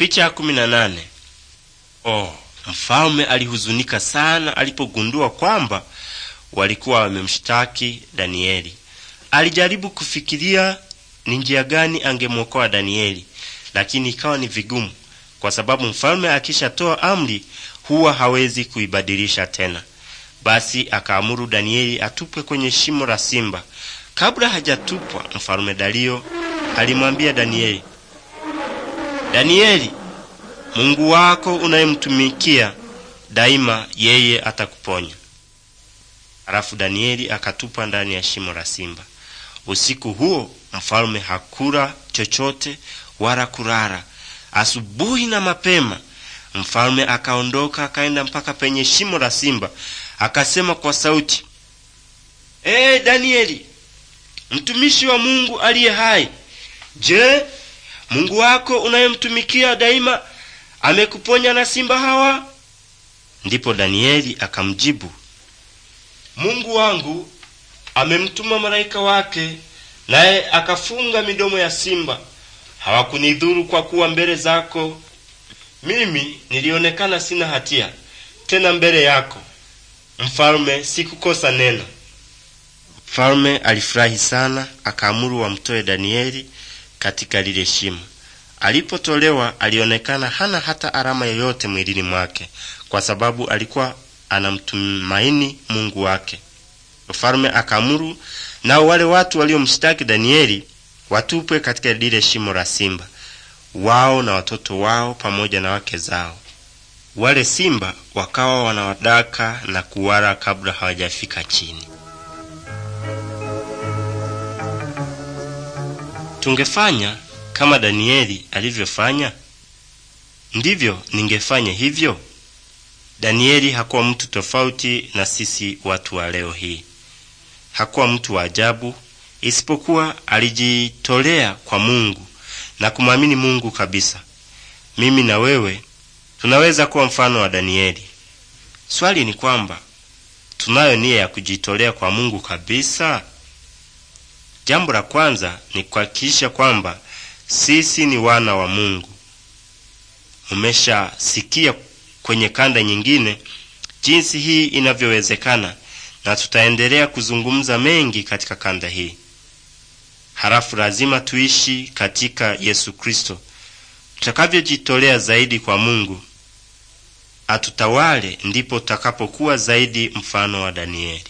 Picha kumi na nane. Oh, mfalme alihuzunika sana alipogundua kwamba walikuwa wamemshtaki Danieli. Alijaribu kufikiria ni njia gani angemwokoa Danieli, lakini ikawa ni vigumu, kwa sababu mfalme akishatoa amri huwa hawezi kuibadilisha tena. Basi akaamuru Danieli atupwe kwenye shimo la simba. Kabla hajatupwa, mfalme Dario alimwambia Danieli, Danieli, Mungu wako unayemtumikia daima, yeye atakuponya. Halafu Danieli akatupa ndani ya shimo la simba. Usiku huo mfalme hakula chochote wala kulala. Asubuhi na mapema mfalme akaondoka akaenda mpaka penye shimo la simba, akasema kwa sauti, ee Danieli, mtumishi wa Mungu aliye hai, je, Mungu wako unayemtumikia daima amekuponya na simba hawa? Ndipo Danieli akamjibu, Mungu wangu amemtuma malaika wake, naye akafunga midomo ya simba. Hawakunidhuru kwa kuwa mbele zako mimi nilionekana sina hatia, tena mbele yako mfalme sikukosa neno. Mfalme alifurahi sana, akaamuru wamtoe Danieli katika lile shimo. Alipotolewa alionekana hana hata alama yoyote mwilini mwake, kwa sababu alikuwa anamtumaini Mungu wake. Mfalme akamuru nao wale watu waliomshtaki Danieli watupwe katika lile shimo la simba, wao na watoto wao pamoja na wake zao. Wale simba wakawa wanawadaka na kuwala kabla hawajafika chini. tungefanya kama Danieli alivyofanya? Ndivyo ningefanya hivyo. Danieli hakuwa mtu tofauti na sisi watu wa leo hii. Hakuwa mtu wa ajabu, isipokuwa alijitolea kwa Mungu na kumwamini Mungu kabisa. Mimi na wewe tunaweza kuwa mfano wa Danieli. Swali ni kwamba tunayo nia ya kujitolea kwa Mungu kabisa? Jambo la kwanza ni kuhakikisha kwamba sisi ni wana wa Mungu. Umeshasikia kwenye kanda nyingine jinsi hii inavyowezekana, na tutaendelea kuzungumza mengi katika kanda hii. Halafu lazima tuishi katika Yesu Kristo. Tutakavyojitolea zaidi kwa Mungu atutawale, ndipo tutakapokuwa zaidi mfano wa Danieli.